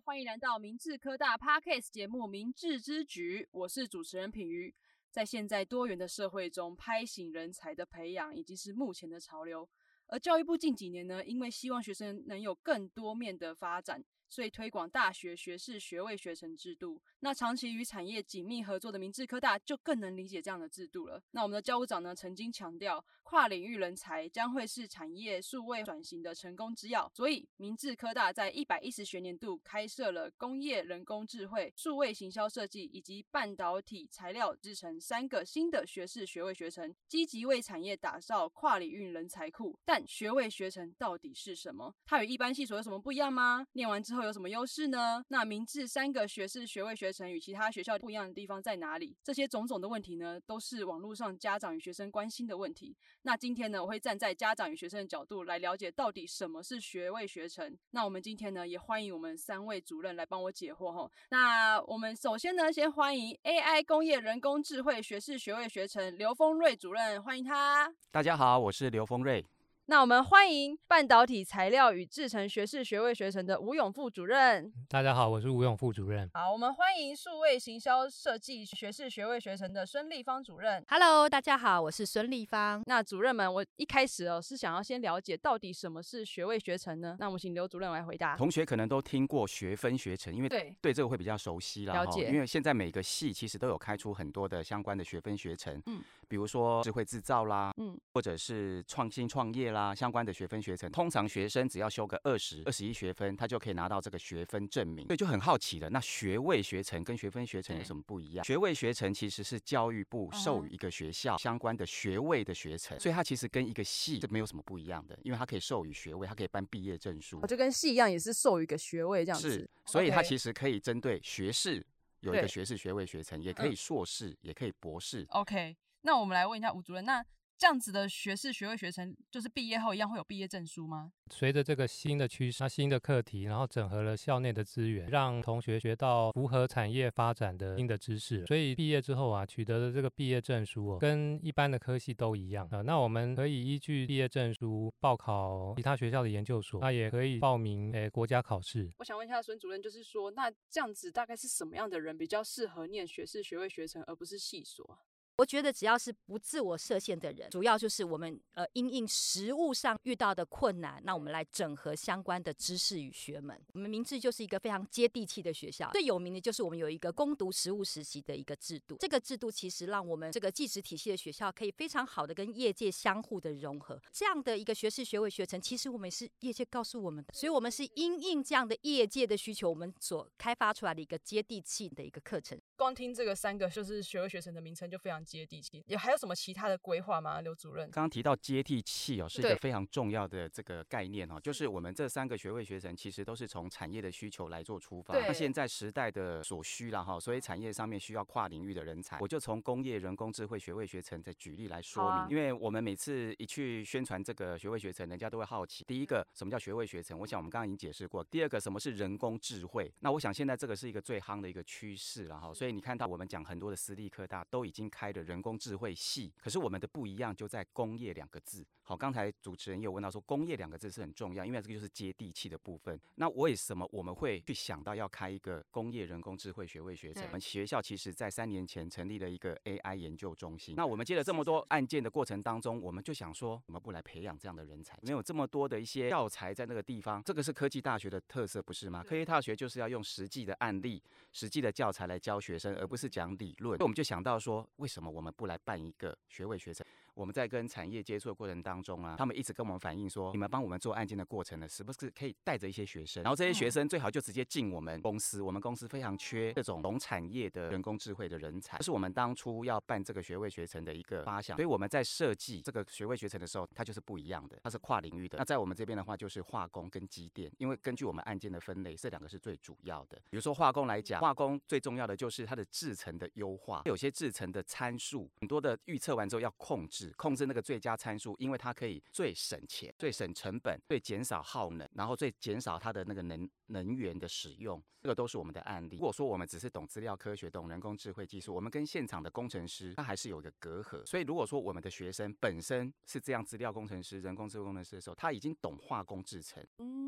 歡迎來到明志科大 Podcast 節目《明志之舉》，我是主持人品妤。在現在多元的社會中，π 型人才的培養已經是目前的潮流。而教育部近幾年呢，因為希望學生能有更多面的發展。所以推廣大學學士學位學程制度，那長期與產業緊密合作的明志科大就更能理解這樣的制度了。那我們的教務長呢，曾經強調跨領域人才將會是產業數位轉型的成功之鑰。所以明志科大在一百一十學年度開設了工業人工智慧、數位行銷設計以及半導體材料製程三個新的學士學位學程，積極為產業打造跨領域人才庫。但學位學程到底是什麼？它與一般系所有什麼不一樣嗎？念完之後，會有什麼優勢呢？那明志三個學士學位學程與其他學校不一樣的地方在哪裡？這些種種的問題呢，都是網絡上家長與學生關心的問題。那今天呢，我會站在家長與學生的角度來了解到底什麼是學位學程。那我們今天呢，也歡迎我們三位主任來幫我解惑吼！那我們首先呢，先歡迎 AI 工業人工智慧學士學位學程劉豐瑞主任，歡迎他。大家好，我是劉豐瑞。那我們歡迎半導體材料與製程學士學位學程的吳永富主任。大家好，我是吳永富主任。好，我們歡迎數位行銷設計學士學位學程的孫儷芳主任。Hello，大家好，我是孫儷芳。那主任們，我一開始哦是想要先了解到底什麼是學位學程呢？那我們請劉主任來回答。同學可能都聽過學分學程，因為對對這個會比較熟悉啦。了解，因為現在每個系其實都有開出很多的相關的學分學程。嗯。比如說智慧製造啦，嗯，或者是創新創業啦，相關的學分學程，通常學生只要修個二十、二十一學分，他就可以拿到這個學分證明。所以就很好奇了。那學位學程跟學分學程有什麼不一樣？學位學程其實是教育部授予一個學校相關的學位的學程，嗯，所以它其實跟一個系是沒有什麼不一樣的，因為它可以授予學位，它可以頒畢業證書。就跟系一樣，也是授予一個學位這樣子。是，所以它其實可以針對學士有一個學士學位學程，也可以碩士，嗯，也可以博士。OK。那我們來問一下吳主任，那這樣子的學士學位學程，就是畢業後一樣會有畢業證書嗎？隨着這個新的趨勢、那新的課題，然後整合了校內的資源，讓同學學到符合產業發展的新的知識，所以畢業之後啊，取得的這個畢業證書、啊、跟一般的科系都一樣啊、呃。那我們可以依據畢業證書報考其他學校的研究所，那也可以報名誒、哎、國家考試。我想問一下孫主任，就是說，那這樣子大概是什麼樣的人比較適合念學士學位學程，而不是系所？我覺得只要是不自我設限的人，主要就是我們呃因應實務上遇到的困難，那我們來整合相關的知識與學門。我們明志就是一個非常接地氣的學校，最有名的就是我們有一個攻讀實務實習的一個制度。這個制度其實讓我們這個技職體系的學校可以非常好的跟業界相互的融合。這樣的一個學士學位學程，其實我們也是業界告訴我們的，所以我們是因應這樣的業界的需求，我們所開發出來的一個接地氣的一個課程。光聽這個三個就是學位學程的名稱就非常。接地氣，有還有什麼其他的規劃嗎？劉主任剛剛提到接地氣哦，是一個非常重要的這個概念哈、哦，就是我們這三個學位學程其實都是從產業的需求來做出發。那現在時代的所需了哈，所以產業上面需要跨領域的人才。我就從工業、人工智慧學位學程的舉例來說明、啊，因為我們每次一去宣傳這個學位學程，人家都會好奇。第一個，什麼叫學位學程？我想我們剛剛已經解釋過。第二個，什麼是人工智慧？那我想現在這個是一個最夯的一個趨勢了哈。所以你看到我們講很多的私立科大都已經開。人工智慧系，可是我們的不一樣就在工業兩個字。好，剛才主持人也有問到說“工業”兩個字是很重要，因為這個就是接地氣的部分。那為什麼我們會去想到要開一個工業人工智慧學位學程？我們學校其實在三年前成立了一個 AI 研究中心。那我們接了這麼多案件的過程當中，我們就想說，我們不來培養這樣的人才？沒有這麼多的一些教材在那個地方，這個是科技大學的特色，不是嗎？科技大學就是要用實際的案例、實際的教材來教學生，而不是講理論。我們就想到說，為什麼我們不來辦一個學位學程？我們在跟產業接觸的過程當中啊，他們一直跟我們反映說，你們幫我們做案件的過程呢，是不是可以帶着一些學生？然後這些學生最好就直接進我們公司，我們公司非常缺這種懂產業的人工智慧的人才，這是我們當初要辦這個學位學程的一個發想。所以我們在設計這個學位學程的時候，它就是不一樣的，它是跨領域的。那在我們這邊的話，就是化工跟機電，因為根據我們案件的分類，這兩個是最主要的。比如說化工來講，化工最重要的就是它的制程的優化，有些制程的參數很多的預測完之後要控制。控制那個最佳參數，因為它可以最省錢、最省成本、最減少耗能，然後最減少它的那個能能源的使用，這個都是我們的案例。如果說我們只是懂資料科學、懂人工智慧技術，我們跟現場的工程師他還是有一個隔閡。所以如果說我們的學生本身是這樣資料工程師、人工智慧工程師的時候，他已經懂化工製程，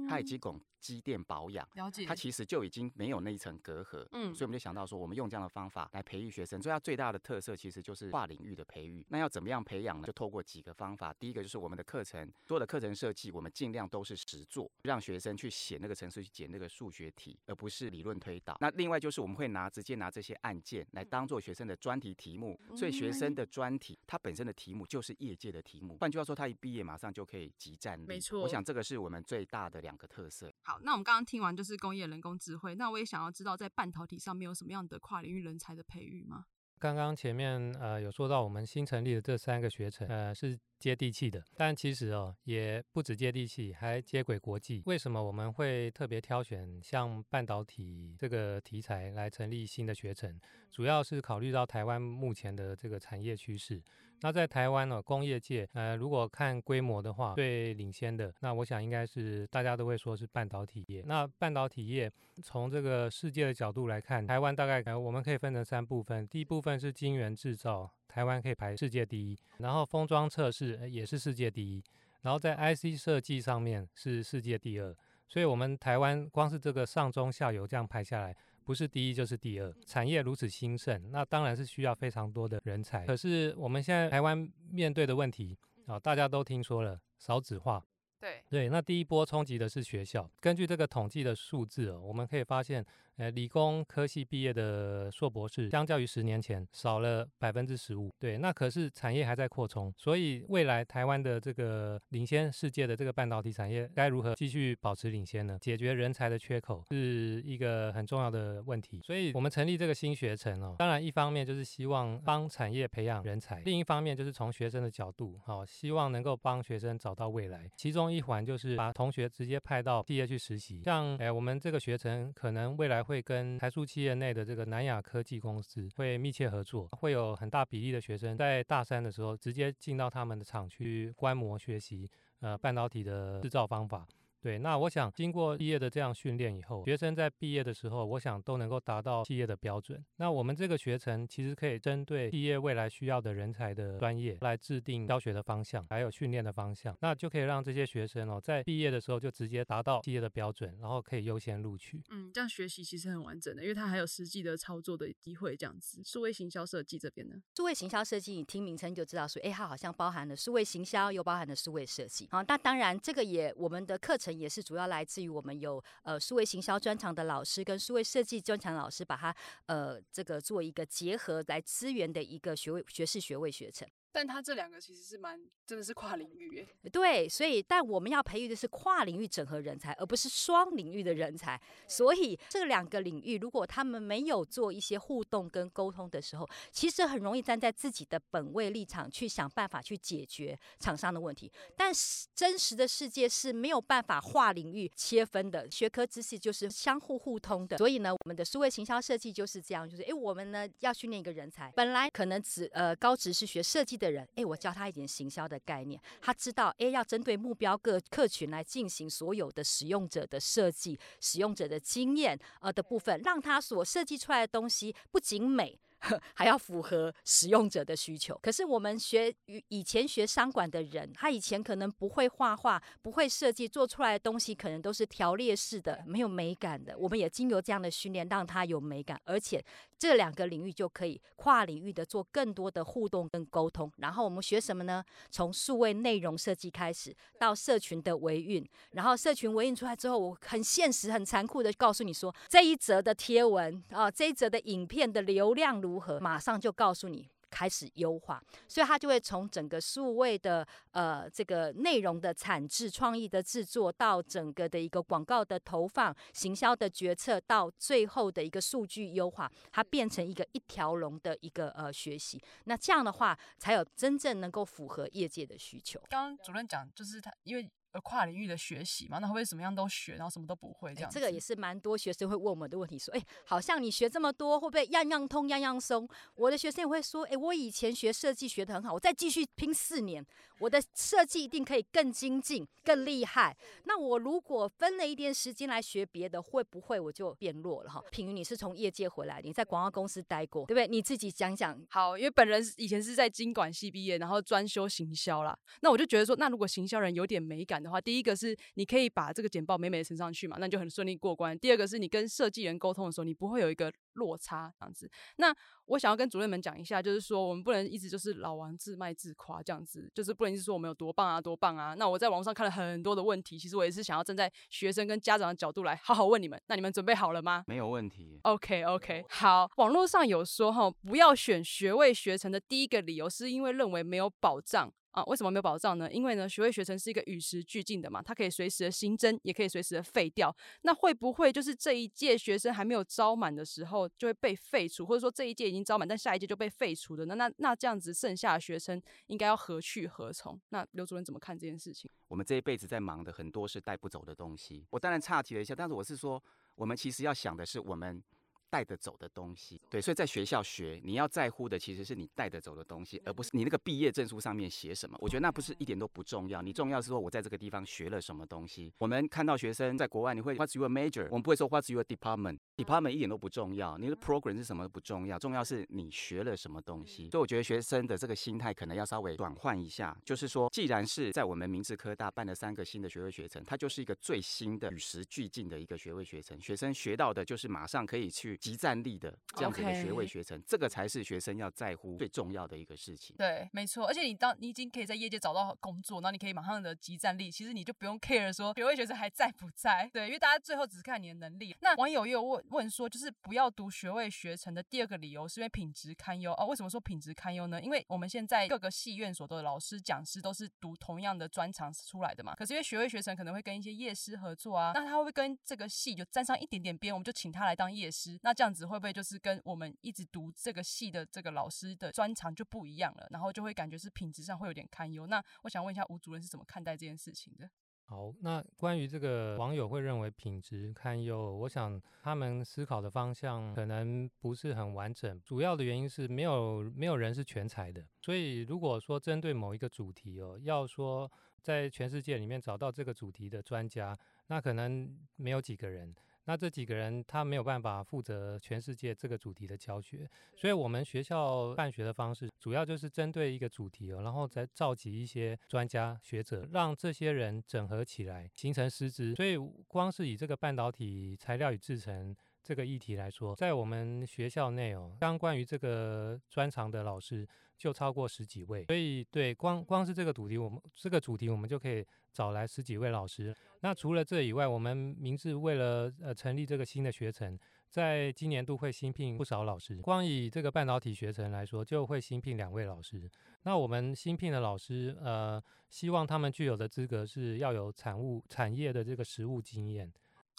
他已經懂機電保養，嗯，了解，他其實就已經沒有那一層隔閡。嗯，所以我們就想到說，我們用這樣的方法來培育學生。所以他最大的特色其實就是跨領域的培育。那要怎麼樣培養？就透過幾個方法，第一個就是我們的課程，所有的課程設計，我們盡量都是實做，讓學生去寫那個程式，去解那個數學題，而不是理論推導。那另外就是我們會拿直接拿這些案件來當做學生的專題題目，嗯，所以學生的專題它本身的題目就是業界的題目。換、嗯、句話說，他一畢業馬上就可以即戰力。沒錯，我想這個是我們最大的兩個特色。好，那我們剛剛聽完就是工業人工智慧，那我也想要知道在半導體上面有什麼樣的跨領域人才的培育嗎？剛剛前面呃有說到我們新成立的這三個學程，呃是接地氣的，但其實哦也不止接地氣，還接軌國際。為什麼我們會特別挑選像半導體這個題材來成立新的學程？主要是考慮到台灣目前的這個產業趨勢。那在台灣呢、哦，工業界呃如果看規模的話，最領先的，那我想應該是大家都會說是半導體業。那半導體業從這個世界的角度來看，台灣大概、呃、我們可以分成三部分，第一部分是晶圓製造。台灣可以排世界第一，然後封裝測試也是世界第一，然後在 IC 設計上面是世界第二，所以我們台灣光是這個上中下游這樣排下來，不是第一就是第二，產業如此興盛，那當然是需要非常多的人才。可是我們現在台灣面對的問題啊，哦，大家都聽說了，少子化。對。對。那第一波衝擊的是學校，根據這個統計的數字，哦，我們可以發現。呃，理工科系畢業的碩博士，相較於十年前少了百分之十五。對，那可是產業還在擴充，所以未來台灣的這個領先世界的這個半導體產業，該如何繼續保持領先呢？解決人才的缺口是一個很重要的問題。所以，我們成立這個新學程哦，當然一方面就是希望幫產業培養人才，另一方面就是從學生的角度，好、哦，希望能夠幫學生找到未來。其中一環就是把同學直接派到企業去實習，像，哎，我們這個學程可能未來。會跟台塑企業內的這個南亞科技公司會密切合作，會有很大比例的學生在大三的時候直接進到他們的廠區觀摩學習，呃，半導體的製造方法。對，那我想經過畢業的這樣訓練以後，學生在畢業的時候，我想都能夠達到企業的標準。那我們這個學程其實可以針對企業未來需要的人才的專業來制定教學的方向，還有訓練的方向，那就可以讓這些學生哦，在畢業的時候就直接達到企業的標準，然後可以優先錄取。嗯，這樣學習其實很完整的，因為它還有實際的操作的機會。這樣子，數位行銷設計這邊呢？數位行銷設計，你聽名稱就知道說，哎，它好像包含了數位行銷，又包含了數位設計。好，那當然這個也我們的課程。也是主要來自於我們有呃數位行銷專長的老師跟數位設計專長老師把他，把它呃這個做一個結合來資源的一個學位學士學位學程。但他這兩個其實是蠻，真的是跨領域哎。對，所以但我們要培育的是跨領域整合人才，而不是雙領域的人才。所以、嗯、這兩個領域，如果他們沒有做一些互動跟溝通的時候，其實很容易站在自己的本位立場去想辦法去解決廠商的問題。但實真實的世界是沒有辦法跨領域切分的，學科知識就是相互互通的。所以呢，我們的數位行銷設計就是這樣，就是哎，我們呢要訓練一個人才，本來可能只呃高職是學設計的人，誒、欸，我教他一點行銷的概念，他知道，誒、欸，要針對目標個客群來進行所有的使用者的設計、使用者的經驗，呃的部分，讓他所設計出來的東西不僅美，呵還要符合使用者的需求。可是我們學與以前學商管的人，他以前可能不會畫畫，不會設計，做出來的東西可能都是條列式的，沒有美感的。我們也經由這樣的訓練，讓他有美感，而且。這兩個領域就可以跨領域的做更多的互動跟溝通，然後我們學什麼呢？從數位內容設計開始，到社群的維運，然後社群維運出來之後，我很現實、很殘酷的告訴你說，這一則的貼文啊，這一則的影片的流量如何，馬上就告訴你。開始優化，所以它就會從整個數位的呃這個內容的產製、創意的制作，到整個的一個廣告的投放、行銷的決策，到最後的一個數據優化，它變成一個一條龍的一個呃學習。那這樣的話，才有真正能夠符合業界的需求。剛剛主任講，就是他因為。跨領域的學習嘛，那會不會什麼樣都學，然後什麼都不會這樣、欸？這個也是蠻多學生會問我們的問題，說：“哎、欸，好像你學這麼多，會不會樣樣通樣樣鬆？”我的學生也會說：“哎、欸，我以前學設計學得很好，我再繼續拼四年，我的設計一定可以更精進、更厲害。那我如果分了一點時間來學別的，會不會我就變弱了？”哈，品妤你是從業界回來，你在廣告公司待過，對不對？你自己講講。好，因為本人以前是在經管系畢業，然後專修行銷啦。那我就覺得說，那如果行銷人有點美感，的話，第一個是你可以把這個簡報美美的呈上去嘛，那就很順利過關。第二個是你跟設計人溝通的時候，你不會有一個落差這樣子。那我想要跟主任們講一下，就是說我們不能一直就是老王自賣自誇這樣子，就是不能一直說我們有多棒啊，多棒啊。那我在網上看了很多的問題，其實我也是想要站在學生跟家長的角度來好好問你們。那你們準備好了嗎？沒有問題。OK OK，好。網絡上有說哈，不要選學位學程的第一個理由是因為認為沒有保障。啊，為什麼沒有保障呢？因為呢，學位學程是一個與時俱進的嘛，它可以隨時的新增，也可以隨時的廢掉。那會不會就是這一屆學生還沒有招滿的時候就會被廢除，或者說這一屆已經招滿，但下一屆就被廢除的？那那那這樣子，剩下的學生應該要何去何從？那劉主任怎麼看這件事情？我們這一輩子在忙的很多是帶不走的東西，我當然岔題了一下，但是我是說，我們其實要想的是我們。帶得走的東西，對，所以在學校學，你要在乎的其實是你帶得走的東西，而不是你那個畢業證書上面寫什麼。我覺得那不是一點都不重要，你重要的是說我在這個地方學了什麼東西。我們看到學生在國外，你會 What's your major？我們不會說 What's your department？Department department 一點都不重要，你的 program 是什麼不重要，重要是你學了什麼東西。所以我覺得學生的這個心態可能要稍微轉換一下，就是說，既然是在我們明志科大辦了三個新的學位學程，它就是一個最新的、與時俱進的一個學位學程，學生學到的就是馬上可以去。即戰力的這樣子的學位學程，okay. 這個才是學生要在乎最重要的一個事情。對，沒錯。而且你當你已經可以在業界找到工作，然後你可以馬上的即戰力，其實你就不用 care 說學位學程還在不在。對，因為大家最後只是看你的能力。那網友又問問說，就是不要讀學位學程的第二個理由，是因為品質堪憂啊？為什麼說品質堪憂呢？因為我們現在各個系院所的老師講師都是讀同樣的專長出來的嘛。可是因為學位學程可能會跟一些業師合作啊，那他會不會跟這個系就沾上一點點邊，我們就請他來當業師？那那這樣子會不會就是跟我們一直讀這個系的這個老師的專長就不一樣了？然後就會感覺是品質上會有點堪憂。那我想問一下吳主任是怎麼看待這件事情的？好，那關於這個網友會認為品質堪憂，我想他們思考的方向可能不是很完整。主要的原因是沒有沒有人是全才的，所以如果說針對某一個主題哦，要說在全世界裡面找到這個主題的專家，那可能沒有幾個人。那這幾個人他沒有辦法負責全世界這個主題的教學，所以我們學校辦學的方式主要就是針對一個主題，然後再召集一些專家學者，讓這些人整合起來形成師資。所以光是以這個半導體材料與製程，這個議題來說，在我們學校內哦，相關於這個專長的老師就超過十幾位，所以對光光是這個主題，我們這個主題我們就可以找來十幾位老師。那除了這以外，我們明志為了呃成立這個新的學程，在今年度會新聘不少老師。光以這個半導體學程來說，就會新聘兩位老師。那我們新聘的老師呃，希望他們具有的資格是要有產物產業的這個實務經驗。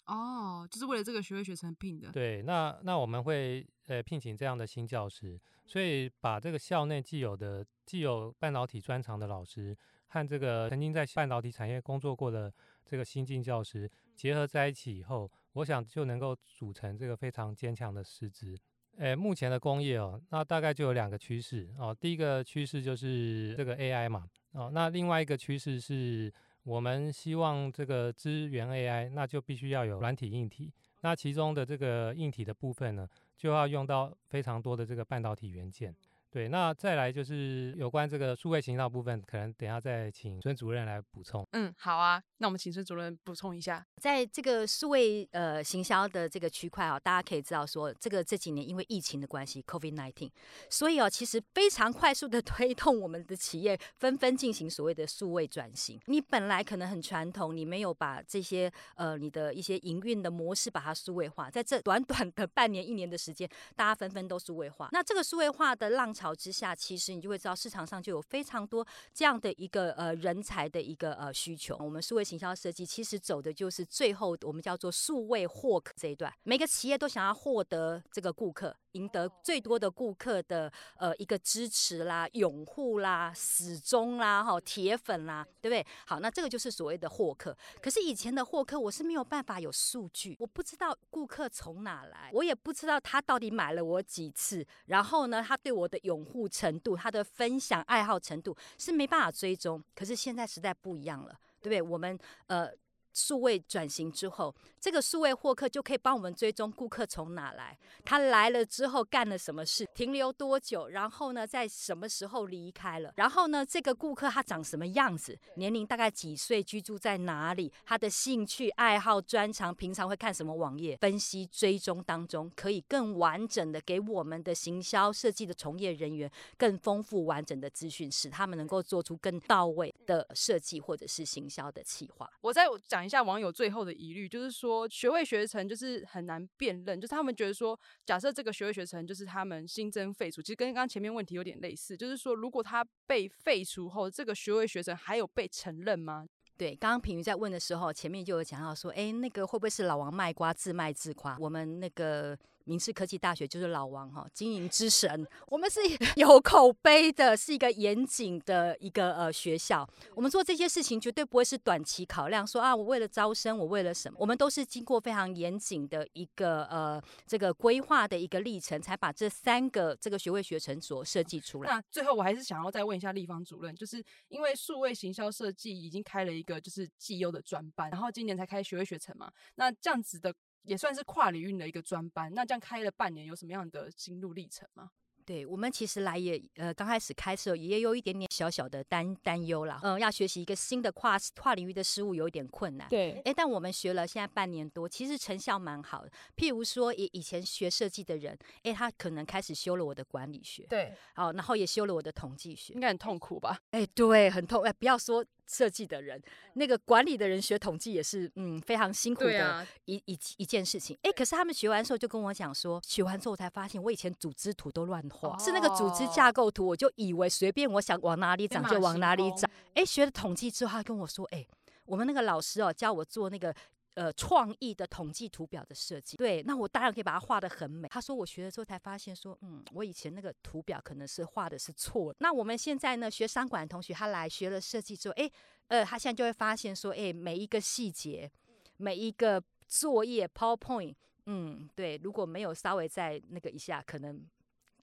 哦，就是為了這個學位學程聘的。對，那那我們會呃聘請這樣的新教師，所以把這個校內既有的既有半導體專長的老師和這個曾經在半導體產業工作過的這個新進教師結合在一起以後，我想就能夠組成這個非常堅強的師資。誒、呃，目前的工業哦，那大概就有兩個趨勢哦。第一個趨勢就是這個 AI 嘛，哦，那另外一個趨勢是。我們希望這個支援 AI，那就必須要有軟體、硬體。那其中的這個硬體的部分呢，就要用到非常多的這個半導體元件。對，那再來就是有關這個數位行銷部分，可能等一下再請孫主任來補充。嗯，好啊，那我們請孫主任補充一下，在這個數位呃行銷的這個區塊啊，大家可以知道說，這個這幾年因為疫情的關係，COVID-19，所以哦，其實非常快速的推動我們的企業紛紛進行所謂的數位轉型。你本來可能很傳統，你沒有把這些呃你的一些營運的模式把它數位化，在這短短的半年一年的時間，大家紛紛都數位化。那這個數位化的浪潮。條之下，其實你就會知道市場上就有非常多這樣的一個呃人才的一個呃需求。我們數位行銷設計其實走的就是最後我們叫做數位獲客這一段，每個企業都想要獲得這個顧客。贏得最多的顧客的呃一個支持啦、擁護啦、死忠啦、哈、哦、鐵粉啦，對不對？好，那這個就是所謂的獲客。可是以前的獲客我是沒有辦法有數據，我不知道顧客從哪來，我也不知道他到底買了我幾次，然後呢，他對我的擁護程度、他的分享愛好程度是沒辦法追蹤。可是現在時代不一樣了，對不對？我們呃。數位轉型之後，這個數位獲客就可以幫我們追蹤顧客從哪來，他來了之後幹了什麼事，停留多久，然後呢，在什麼時候離開了，然後呢，這個顧客他長什麼樣子，年齡大概幾歲，居住在哪裡，他的興趣愛好專長，平常會看什麼網頁，分析追蹤當中可以更完整的給我們的行銷設計的從業人員更豐富完整的資訊，使他們能夠做出更到位的設計或者是行銷的企劃。我在講。講一下網友最後的疑慮，就是說學位學程就是很難辨認，就是他們覺得說，假設這個學位學程就是他們新增廢除，其實跟剛剛前面問題有點類似，就是說如果他被廢除後，這個學位學程還有被承認嗎？對，剛剛品妤在問的時候，前面就有講到說，哎、欸，那個會不會是老王賣瓜自賣自誇？我們那個。明志科技大學就是老王哈，經營之神，我們是有口碑的，是一個嚴謹的一個呃學校。我們做這些事情絕對不會是短期考量，說啊，我為了招生，我為了什麼？我們都是經過非常嚴謹的一個呃這個規劃的一個歷程，才把這三個這個學位學程所設計出來。那最後我還是想要再問一下儷芳主任，就是因為數位行銷設計已經開了一個就是績優的專班，然後今年才開學位學程嘛，那這樣子的。也算是跨領域的一個專班，那這樣開了半年，有什麼樣的心路歷程嗎？對，我們其實來也，呃，剛開始開始也有一點點小小的擔擔憂啦，嗯，要學習一個新的跨跨領域的事物有一點困難。對，誒、欸，但我們學了現在半年多，其實成效蠻好的。譬如說以以前學設計的人，誒、欸，他可能開始修了我的管理學，對，好，然後也修了我的統計學，應該很痛苦吧？誒、欸，對，很痛，誒、欸，不要說。設計的人，那個管理的人學統計也是嗯非常辛苦的一一一件事情。哎、欸，可是他們學完之後就跟我講說，學完之後我才發現我以前組織圖都亂畫，哦，是那個組織架構圖，我就以為隨便我想往哪裡長就往哪裡長。哎、欸，學了統計之後，他跟我說，哎、欸，我們那個老師哦，教我做那個。呃，創意的統計圖表的設計，對，那我當然可以把它畫得很美。他說我學了之後才發現說，說嗯，我以前那個圖表可能是畫的是錯的。那我們現在呢，學商管同學他來學了設計之後，哎，呃，他現在就會發現說，哎，每一個細節，每一個作業 PowerPoint，嗯，對，如果沒有稍微再那個一下，可能。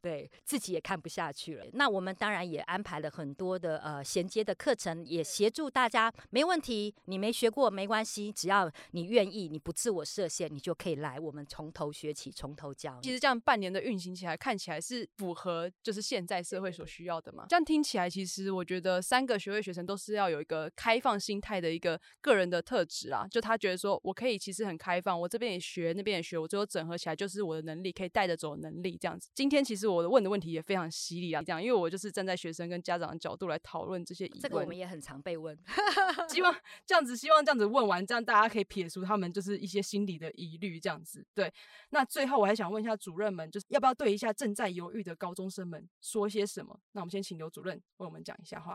對，自己也看不下去了，那我們當然也安排了很多的呃銜接的課程，也協助大家，沒問題，你沒學過沒關係，只要你願意，你不自我設限，你就可以來，我們從頭學起，從頭教。其實這樣半年的運行起來，看起來是符合就是現在社會所需要的嘛。對對對。這樣聽起來，其實我覺得三個學位學生都是要有一個開放心態的一個個人的特質啊，就他覺得說我可以，其實很開放，我這邊也學，那邊也學，我最後整合起來就是我的能力，可以帶得走能力這樣子。今天其實。我的問的問題也非常犀利啊，這樣，因為我就是站在學生跟家長的角度來討論這些疑問。這個我們也很常被問。 希望這樣子，希望這樣子問完，這樣大家可以撇除他們就是一些心理的疑慮，這樣子。對。那最後我還想問一下主任們，就是要不要對一下正在猶豫的高中生們說些什麼？那我們先請劉主任為我們講一下話。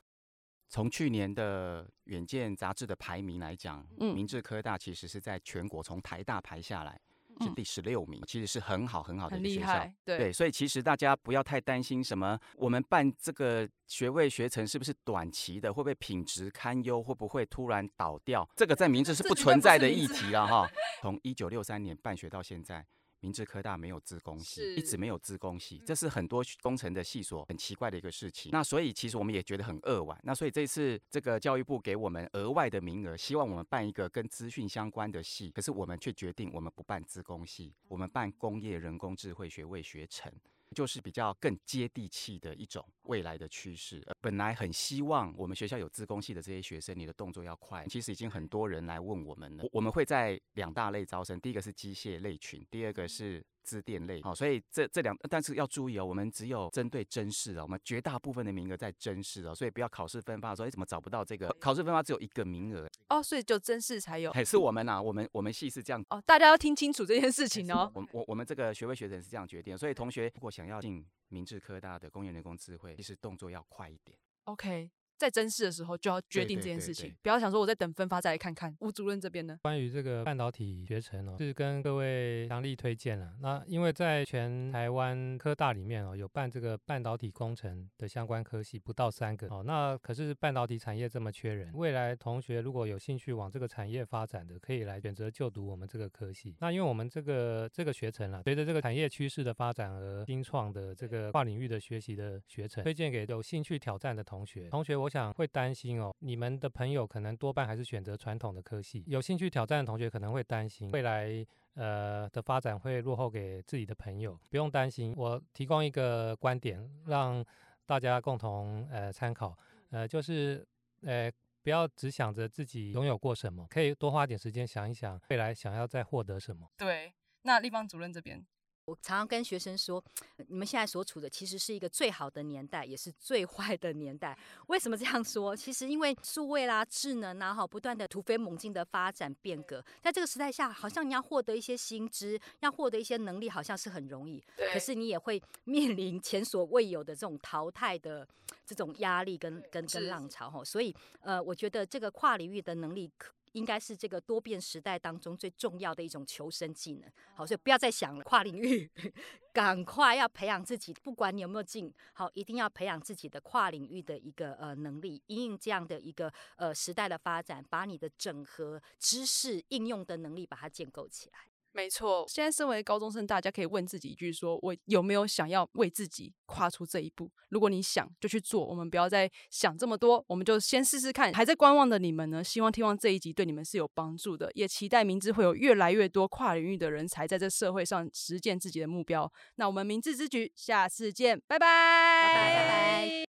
從去年的遠見雜誌的排名來講，嗯，明志科大其實是在全國從台大排下來，是第十六名，嗯，其實是很好很好的一個學校，對，對，所以其實大家不要太擔心什麼，我們辦這個學位學程是不是短期的，會不會品質堪憂，會不會突然倒掉，嗯、這個在明志是不存在的議題啊。哈，從一九六三年辦學到現在。明志科大沒有資工系，是一直沒有資工系，這是很多工程的系所很奇怪的一個事情。那所以其實我們也覺得很扼腕。那所以這次這個教育部給我們額外的名額，希望我們辦一個跟資訊相關的系，可是我們卻決定我們不辦資工系，我們辦工業人工智慧學位學程。就是比較更接地氣的一種未來的趨勢。而本來很希望我們學校有資工系的這些學生，你的動作要快。其實已經很多人來問我們了。我們會在兩大類招生，第一個是機械類群，第二個是。資電類，好、哦，所以這這兩，但是要注意哦，我們只有針對甄試哦，我們絕大部分的名額在甄試哦，所以不要考試分發的時候，怎麼找不到這個考試分發只有一個名額哦，所以就甄試才有，還是我們啊，我們我們系是這樣哦，大家要聽清楚這件事情哦，我我我們這個學位學生是這樣決定，所以同學如果想要進明志科大的工業人工智慧，其實動作要快一點，OK。在甄試的時候就要決定這件事情，對對對對對，不要想說我再等分發再來看看。吳主任這邊呢，關於這個半導體學程哦，是跟各位強力推薦了、啊。那因為在全台灣科大裡面哦，有辦這個半導體工程的相關科系不到三個哦，那可是半導體產業這麼缺人。未來同學如果有興趣往這個產業發展的，可以來選擇就讀我們這個科系。那因為我們這個這個學程了、啊，隨着這個產業趨勢的發展而新創的這個跨領域的學習的學程，推薦給有興趣挑戰的同學。同學我。想會擔心哦，你們的朋友可能多半還是選擇傳統的科系。有興趣挑戰的同學可能會擔心未來呃的發展會落後給自己的朋友。不用擔心，我提供一個觀點讓大家共同呃參考，呃就是呃不要只想着自己擁有過什麼，可以多花點時間想一想未來想要再獲得什麼。對，那儷芳主任這邊。我常常跟學生說，你們現在所處的其實是一個最好的年代，也是最壞的年代。為什麼這樣說？其實因為數位啦、智能啊，哈，不斷的突飛猛進的發展變革，在這個時代下，好像你要獲得一些新知，要獲得一些能力，好像是很容易。對。可是你也會面臨前所未有的這種淘汰的這種壓力跟跟跟浪潮哈。所以，呃，我覺得這個跨領域的能力可。應該是這個多變時代當中最重要的一種求生技能。好，所以不要再想了，跨領域， 趕快要培養自己，不管你有沒有進，好，一定要培養自己的跨領域的一個呃能力，因應這樣的一個呃時代的發展，把你的整合知識應用的能力把它建構起來。沒錯，現在身為高中生，大家可以問自己一句說：說我有沒有想要為自己跨出這一步？如果你想，就去做。我們不要再想這麼多，我們就先試試看。還在觀望的你們呢，希望聽完這一集對你們是有幫助的，也期待明志會有越來越多跨領域的人才在這社會上實踐自己的目標。那我們明志之舉，下次見，拜拜，拜拜，拜拜。